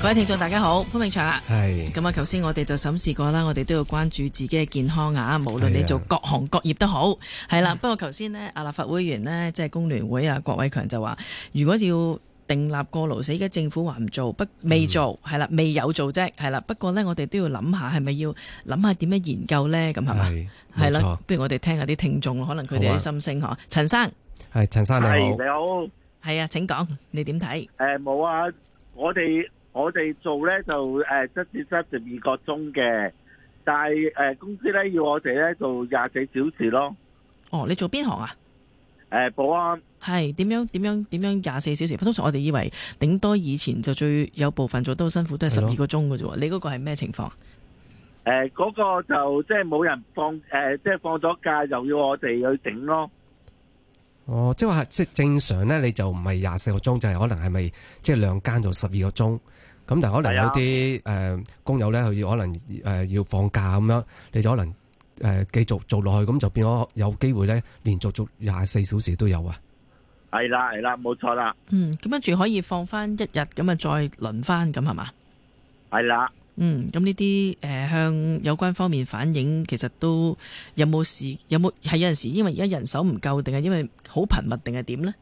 各位聽眾，大家好，潘永祥啊，係咁啊，頭先我哋就審視過啦，我哋都要關注自己嘅健康啊，無論你做各行各業都好，係啦。不過頭先咧，啊立法會員咧，即係工聯會啊，郭偉強就話，如果要訂立過勞死，而家政府話唔做，不未做，係啦，未有做啫，係啦。不過咧，我哋都要諗下，係咪要諗下點樣研究咧？咁係嘛，係啦。不如我哋聽下啲聽眾，可能佢哋啲心聲嗬。陳生，係陳生你好，你好，係啊，請講，你點睇？誒，冇啊，我哋。我哋做咧就誒七至七十二個鐘嘅，但係誒公司咧要我哋咧做廿四小時咯。哦，你做邊行啊？誒、呃，保安係點樣？點樣？點樣？廿四小時？通常我哋以為頂多以前就最有部分做得好辛苦都係十二個鐘嘅啫。的你嗰個係咩情況？誒、呃，嗰、那個就即係冇人放，誒、呃，即係放咗假又要我哋去頂咯。哦，即係話即係正常咧，你就唔係廿四個鐘，就係、是、可能係咪即係兩間做十二個鐘？咁但係可能有啲誒工友咧，佢要可能誒要放假咁樣，你就可能誒繼續做落去，咁就變咗有機會咧，連續做廿四小時都有啊！係啦，係啦，冇錯啦。嗯，咁跟住可以放翻一日，咁啊再輪翻咁係嘛？係啦。嗯，咁呢啲誒向有關方面反映，其實都有冇事有冇係有陣時，因為而家人手唔夠，定係因為好頻密定係點咧？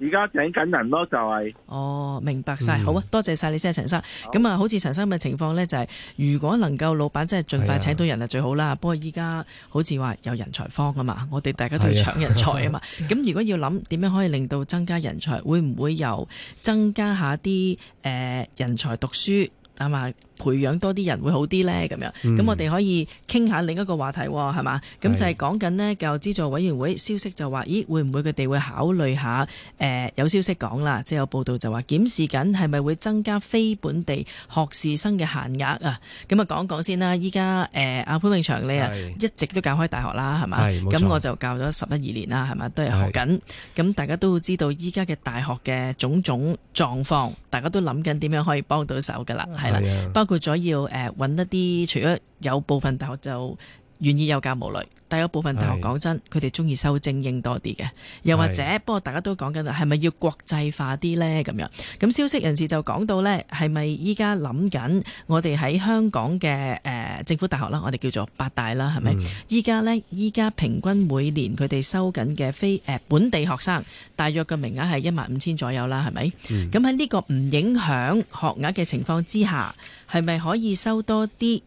而家請緊人咯，就係哦，明白晒，好啊，嗯、多謝晒你先啊，陳生。咁啊好，好似陳生嘅情況呢，就係、是、如果能夠老闆真係盡快請到人啊，最好啦。哎、呀不過依家好似話有人才荒啊嘛，我哋大家都要搶人才啊嘛。咁、哎、呀 如果要諗點樣可以令到增加人才，會唔會由增加下啲誒、呃、人才讀書啊嘛？培養多啲人會好啲呢。咁樣，咁、嗯、我哋可以傾下另一個話題、哦，係嘛？咁就係講緊呢，是教育資助委員會消息就話，咦會唔會佢哋會考慮下？誒、呃、有消息講啦，即係有報道就話檢視緊係咪會增加非本地學士生嘅限額啊？咁啊講講先啦，依家誒阿潘永祥你啊是一直都教開大學啦，係嘛？咁我就教咗十一二年啦，係嘛，都係學緊。咁是大家都知道依家嘅大學嘅種種狀況，大家都諗緊點樣可以幫到手㗎啦，係啦的。包括咗要誒揾一啲，除咗有部分大學就。願意有教無類，但有部分大學講真，佢哋中意收精英多啲嘅，又或者，是不過大家都講緊啦，係咪要國際化啲呢？咁樣，咁消息人士就講到呢，係咪依家諗緊我哋喺香港嘅誒、呃、政府大學啦，我哋叫做八大啦，係咪？依家、嗯、呢，依家平均每年佢哋收緊嘅非誒、呃、本地學生大約嘅名額係一萬五千左右啦，係咪？咁喺呢個唔影響學額嘅情況之下，係咪可以收多啲？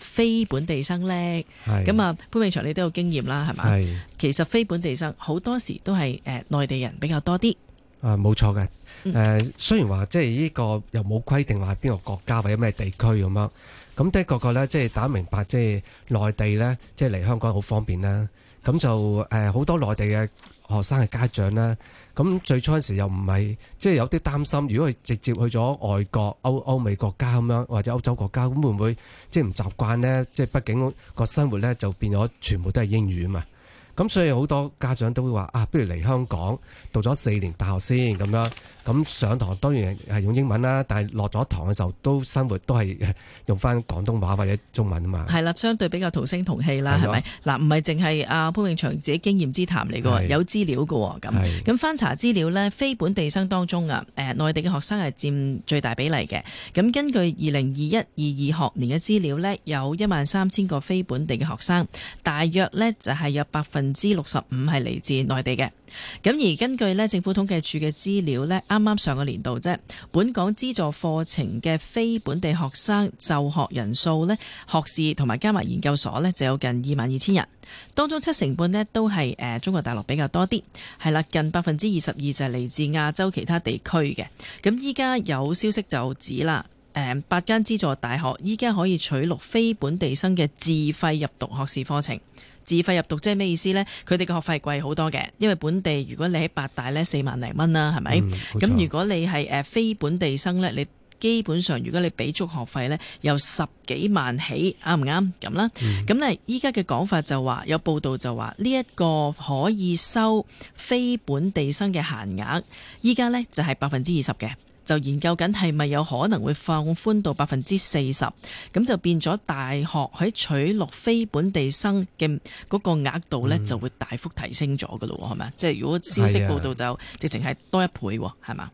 非本地生叻，咁是啊潘永祥你都有經驗啦，係咪？是其實非本地生好多時都係誒、呃、內地人比較多啲。啊、呃，冇錯嘅。誒、嗯呃，雖然話即係呢個又冇規定話邊個國家或者咩地區咁樣，咁的確個呢，即、就、係、是、打明白，即、就、係、是、內地呢，即係嚟香港好方便啦。咁就誒好、呃、多內地嘅。學生嘅家長咧，咁最初嗰時又唔係即係有啲擔心，如果佢直接去咗外國歐歐美國家咁樣，或者歐洲國家，咁會唔會即係唔習慣呢？即係畢竟個生活呢，就變咗全部都係英語啊嘛。咁所以好多家長都會話啊，不如嚟香港讀咗四年大學先咁樣。咁上堂當然係用英文啦，但係落咗堂嘅時候都生活都係用翻廣東話或者中文啊嘛。係啦，相對比較同聲同氣啦，係咪的？嗱，唔係淨係阿潘、啊、永祥自己經驗之談嚟嘅，的有資料嘅。咁咁的翻查資料呢，非本地生當中啊，誒、呃、內地嘅學生係佔最大比例嘅。咁根據二零二一二二學年嘅資料呢，有一萬三千個非本地嘅學生，大約呢就係、是、有百分之六十五係嚟自內地嘅，咁而根據政府統計處嘅資料呢，啱啱上個年度啫，本港資助課程嘅非本地學生就學人數咧，學士同埋加埋研究所呢就有近二萬二千人，當中七成半呢都係誒中國大陸比較多啲，係啦，近百分之二十二就係嚟自亞洲其他地區嘅，咁依家有消息就指啦，誒八間資助大學依家可以取錄非本地生嘅自費入讀學士課程。自費入讀即係咩意思呢？佢哋個學費貴好多嘅，因為本地如果你喺八大呢，四萬零蚊啦，係咪？咁、嗯、如果你係誒非本地生呢，你基本上，如果你俾足學費呢，由十幾萬起，啱唔啱咁啦？咁呢依家嘅講法就話有報道就話呢一個可以收非本地生嘅限額，依家呢就係百分之二十嘅，就研究緊，係咪有可能會放寬到百分之四十，咁就變咗大學喺取錄非本地生嘅嗰個額度呢，就會大幅提升咗嘅咯，係咪、嗯、即係如果消息報道就直情係多一倍，係嘛？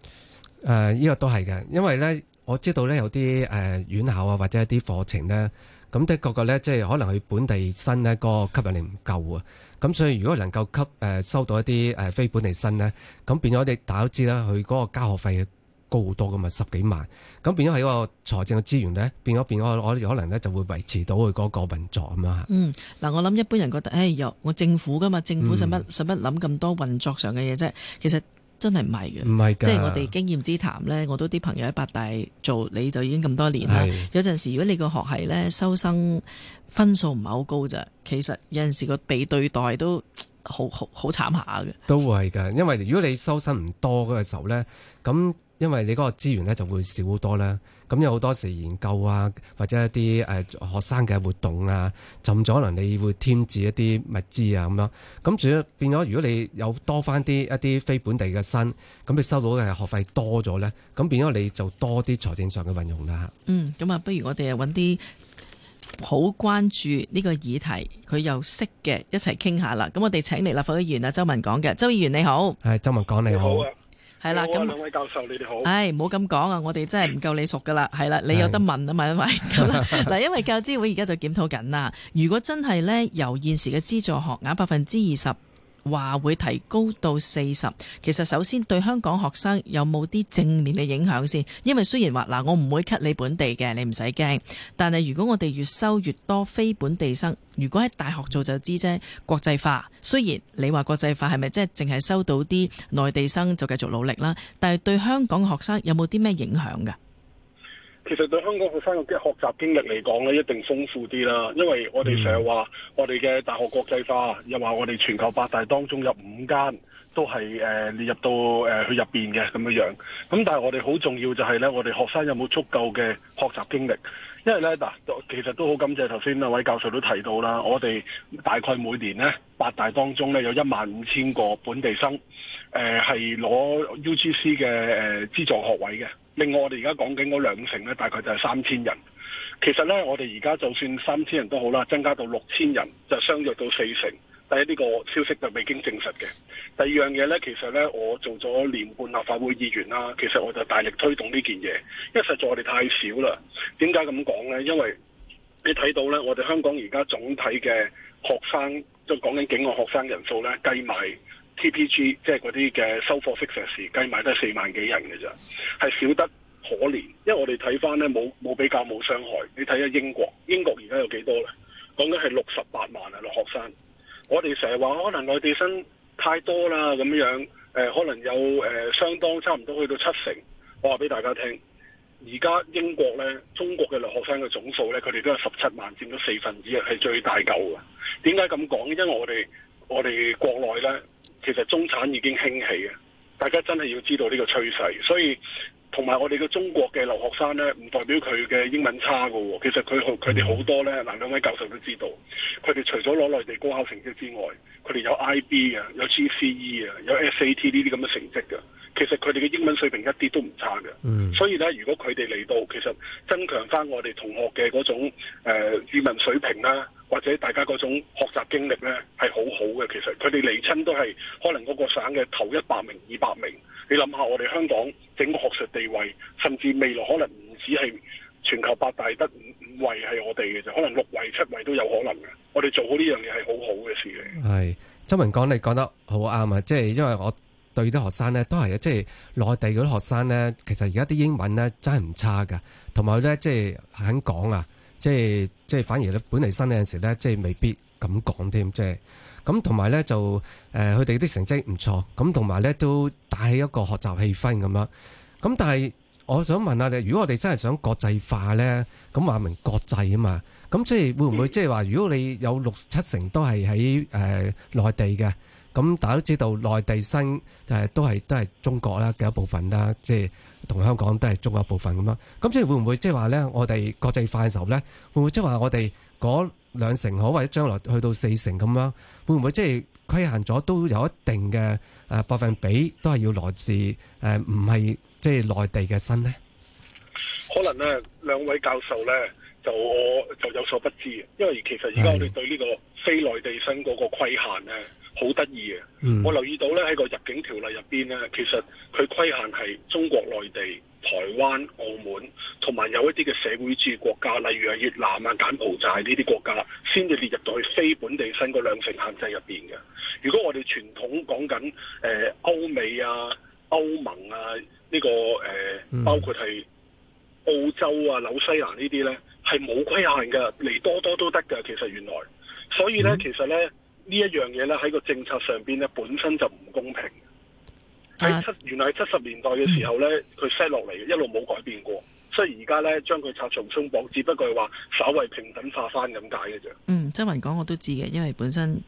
誒呢、呃呢個都係嘅，因為呢。我知道咧有啲誒院校啊，或者一啲課程咧，咁的確個咧，即係可能佢本地生呢，嗰個吸引力唔夠啊。咁所以如果能夠吸誒收到一啲誒非本地生咧，咁變咗你大家都知啦，佢嗰個交學費高好多咁啊，十幾萬。咁變咗喺一個財政嘅資源咧，變咗變咗，我哋可能咧就會維持到佢嗰個運作咁樣。嗯，嗱，我諗一般人覺得，唉、哎，又我政府噶嘛，政府使乜使乜諗咁多運作上嘅嘢啫，其實。真係唔係嘅，即係我哋經驗之談呢。我都有啲朋友喺八大做，你就已經咁多年啦。的有陣時如果你個學系呢，收生分數唔係好高咋，其實有陣時個被對待都好好好慘下嘅。都會㗎，因為如果你收生唔多嘅時候呢。咁。因為你嗰個資源咧就會少好多啦，咁有好多時研究啊，或者一啲誒學生嘅活動啊，甚至可能你會添置一啲物資啊咁樣，咁仲變咗如果你有多返啲一啲非本地嘅生，咁你收到嘅學費多咗咧，咁變咗你就多啲財政上嘅運用啦。嗯，咁啊，不如我哋啊揾啲好關注呢個議題，佢又識嘅一齊傾下啦。咁我哋請嚟立法會議員啊，周文港嘅，周議員你好。係，周文港你好。你好。係啦，咁兩位教授你哋好，唉，唔好咁講啊，我哋真係唔夠你熟噶啦，係啦， 你有得問啊嘛，因為嗱，因為教資會而家就檢討緊啦，如果真係咧由現時嘅資助學額百分之二十，話會提高到四十，其實首先對香港學生有冇啲正面嘅影響先？因為雖然話嗱，我唔會 cut 你本地嘅，你唔使驚。但係如果我哋越收越多非本地生，如果喺大學做就知啫。國際化雖然你話國際化係咪即係淨係收到啲內地生就繼續努力啦？但係對香港學生有冇啲咩影響㗎？其實對香港學生嘅學習經歷嚟講咧，一定豐富啲啦，因為我哋成日話我哋嘅大學國際化，又話我哋全球八大當中有五間都係誒列入到誒、呃、去入邊嘅咁樣樣。咁但係我哋好重要就係咧，我哋學生有冇足夠嘅學習經歷？因為咧嗱，其實都好感謝頭先嗰位教授都提到啦，我哋大概每年咧八大當中咧有一萬五千個本地生誒係攞 UGC 嘅誒資助學位嘅。另外我哋而家講緊嗰兩成咧，大概就係三千人。其實咧，我哋而家就算三千人都好啦，增加到六千人就相約到四成。第一呢個消息就未經證實嘅。第二樣嘢咧，其實咧，我做咗年半立法會議員啦，其實我就大力推動呢件嘢，因為實在我哋太少啦。點解咁講咧？因為你睇到咧，我哋香港而家總體嘅學生，即講緊境外學生人數咧，計埋。T.P.G. 即係嗰啲嘅授課式碩士計埋都係四萬幾人嘅咋，係少得可憐。因為我哋睇翻呢，冇，冇比較，冇傷害。你睇下英國，英國而家有幾多呢？講緊係六十八萬啊，留學生。我哋成日話可能內地生太多啦咁樣、呃，可能有、呃、相當差唔多去到七成。我話俾大家聽，而家英國呢，中國嘅留學生嘅總數呢，佢哋都有十七萬，佔咗四分之一，係最大嚿嘅。點解咁講？因為我哋我哋國內呢。其實中產已經興起嘅，大家真係要知道呢個趨勢。所以同埋我哋嘅中國嘅留學生呢，唔代表佢嘅英文差噶喎。其實佢好，佢哋好多呢，嗱兩位教授都知道，佢哋除咗攞內地高考成績之外，佢哋有 IB 啊，有 GCE 啊，有 SAT 呢啲咁嘅成績噶。其實佢哋嘅英文水平一啲都唔差嘅。嗯，所以呢，如果佢哋嚟到，其實增強翻我哋同學嘅嗰種誒語文水平啦。或者大家嗰種學習經歷咧係好好嘅，其實佢哋嚟親都係可能嗰個省嘅頭一百名、二百名。你諗下，我哋香港整個學術地位，甚至未來可能唔止係全球八大得五位係我哋嘅啫，可能六位、七位都有可能嘅。我哋做好呢樣嘢係好好嘅事嚟。係，周文港你講得好啱啊！即係因為我對啲學生咧都係，即係內地嗰啲學生咧，其實而家啲英文咧真係唔差噶，同埋咧即係肯講啊。即係即係反而咧，本嚟新嗰陣時咧，即係未必咁講添。即係咁同埋咧，就誒佢哋啲成績唔錯，咁同埋咧都帶起一個學習氣氛咁樣。咁但係我想問下你，如果我哋真係想國際化咧，咁話明國際啊嘛，咁即係會唔會、嗯、即係話，如果你有六七成都係喺誒內地嘅，咁大家都知道內地生誒、呃、都係都係中國啦，嘅一部分啦，即係。同香港都係中國一部分咁樣，咁即係會唔會即係話咧？我哋國際化嘅時候咧，會唔會即係話我哋嗰兩成，好或者將來去到四成咁樣，會唔會即係規限咗都有一定嘅誒百分比，都係要來自誒唔係即係內地嘅生呢？可能咧，兩位教授咧，就我就有所不知，因為其實而家我哋對呢個非內地生嗰個規限咧。好得意啊，我留意到咧喺個入境條例入邊咧，其實佢規限係中國內地、台灣、澳門同埋有一啲嘅社會主義國家，例如係越南啊、柬埔寨呢啲國家，先至列入到去非本地生個兩成限制入邊嘅。如果我哋傳統講緊誒歐美啊、歐盟啊呢、呢個誒、呃，包括係澳洲啊、紐西蘭呢啲咧，係冇規限㗎，嚟多多都得㗎。其實原來，所以咧，其實咧。嗯呢一樣嘢咧喺個政策上邊咧本身就唔公平。喺、啊、七原來喺七十年代嘅時候咧，佢 set 落嚟嘅一路冇改變過，雖然而家咧將佢拆除鬆綁，只不過係話稍為平等化翻咁解嘅啫。嗯，周文港我都知嘅，因為本身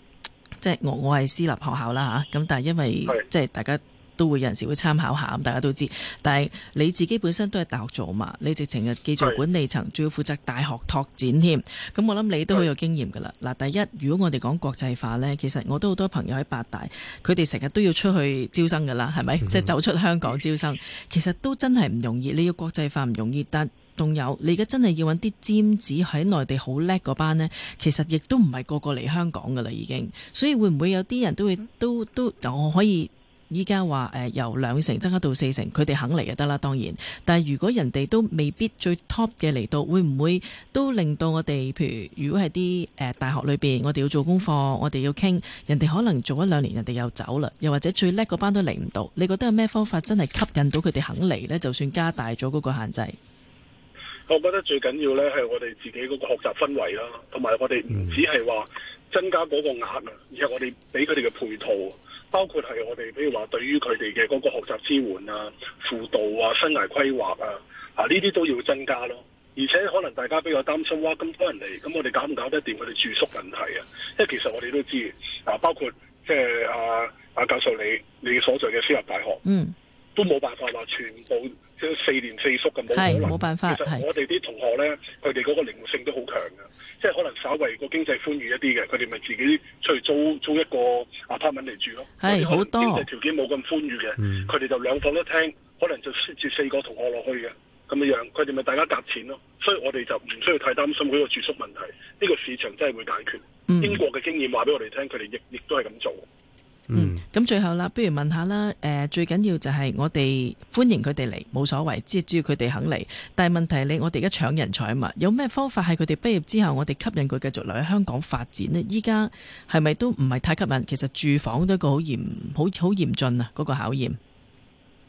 即係我我係私立學校啦嚇，咁但係因為是的即係大家。都會有陣時會參考下，大家都知。但係你自己本身都係大學做嘛？你直情日記做管理層，仲對要負責大學拓展添。咁我諗你都好有經驗㗎啦。嗱，第一，如果我哋講國際化呢，其實我都好多朋友喺八大，佢哋成日都要出去招生㗎啦，係咪？即係走出香港招生，其實都真係唔容易。你要國際化唔容易，但仲有你而家真係要揾啲尖子喺內地好叻嗰班呢，其實亦都唔係個個嚟香港㗎啦，已經。所以會唔會有啲人都會 都都就可以？依家話誒由兩成增加到四成，佢哋肯嚟就得啦。當然，但係如果人哋都未必最 top 嘅嚟到，會唔會都令到我哋譬如如果係啲誒大學裏邊，我哋要做功課，我哋要傾，人哋可能做一兩年，人哋又走啦，又或者最叻嗰班都嚟唔到。你覺得有咩方法真係吸引到佢哋肯嚟呢？就算加大咗嗰個限制，我覺得最緊要呢係我哋自己嗰個學習氛圍啦，同埋我哋唔止係話增加嗰個額啊，而係我哋俾佢哋嘅配套。包括係我哋，比如話對於佢哋嘅嗰個學習支援啊、輔導啊、生涯規劃啊，啊呢啲都要增加咯。而且可能大家比較擔心，哇咁多人嚟，咁我哋搞唔搞得掂佢哋住宿問題啊？即其實我哋都知，啊包括即係阿教授你你所在嘅私立大學。嗯。都冇辦法話全部即四年四宿，咁冇可能，冇辦法。其實我哋啲同學呢，佢哋嗰個靈活性都好強嘅，即係可能稍為個經濟寬裕一啲嘅，佢哋咪自己出去租租一個 apartment 嚟住咯。係好多經濟條件冇咁寬裕嘅，佢哋、嗯、就兩房一廳，可能就接四個同學落去嘅咁嘅樣，佢哋咪大家夾錢咯。所以我哋就唔需要太擔心佢個住宿問題，呢、這個市場真係會解決。嗯、英國嘅經驗話俾我哋聽，佢哋亦，亦都係咁做。Mm. 嗯，咁最後啦，不如問下啦，呃、最緊要就係我哋歡迎佢哋嚟冇所謂，即係只要佢哋肯嚟。但係問題你我哋而家搶人才物，嘛，有咩方法係佢哋畢業之後我哋吸引佢繼續留喺香港發展呢？依家係咪都唔係太吸引？其實住房都一個好嚴好好嚴峻啊嗰、嗰個考驗。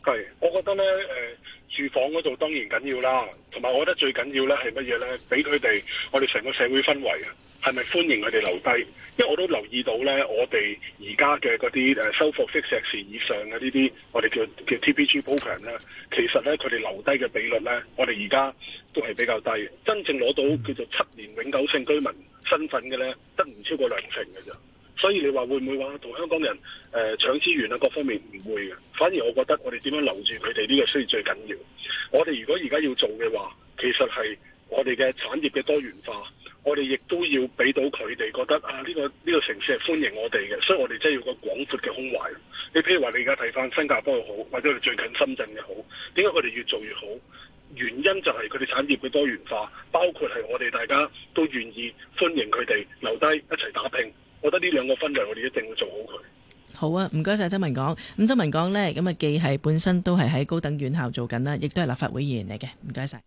係，我覺得呢，呃、住房嗰度當然緊要啦，同埋我覺得最緊要呢係乜嘢呢？俾佢哋我哋成個社會氛圍啊！係咪歡迎佢哋留低？因為我都留意到呢，我哋而家嘅嗰啲誒收復式碩士以上嘅呢啲，我哋叫叫 TPG program 呢，其實呢，佢哋留低嘅比率呢，我哋而家都係比較低的。真正攞到叫做七年永久性居民身份嘅呢，得唔超過兩成嘅啫。所以你話會唔會話同香港人誒、呃、搶資源啊各方面唔會嘅？反而我覺得我哋點樣留住佢哋呢個需要最緊要。我哋如果而家要做嘅話，其實係我哋嘅產業嘅多元化。我哋亦都要俾到佢哋覺得啊，呢個呢個城市係歡迎我哋嘅，所以我哋真係要個廣闊嘅胸懷。你譬如話，你而家睇翻新加坡又好，或者係最近深圳又好，點解佢哋越做越好？原因就係佢哋產業嘅多元化，包括係我哋大家都願意歡迎佢哋留低一齊打拼。我覺得呢兩個分類，我哋一定會做好佢。好啊，唔該晒。周文港。咁周文港呢，咁啊既係本身都係喺高等院校做緊啦，亦都係立法會議員嚟嘅。唔該晒。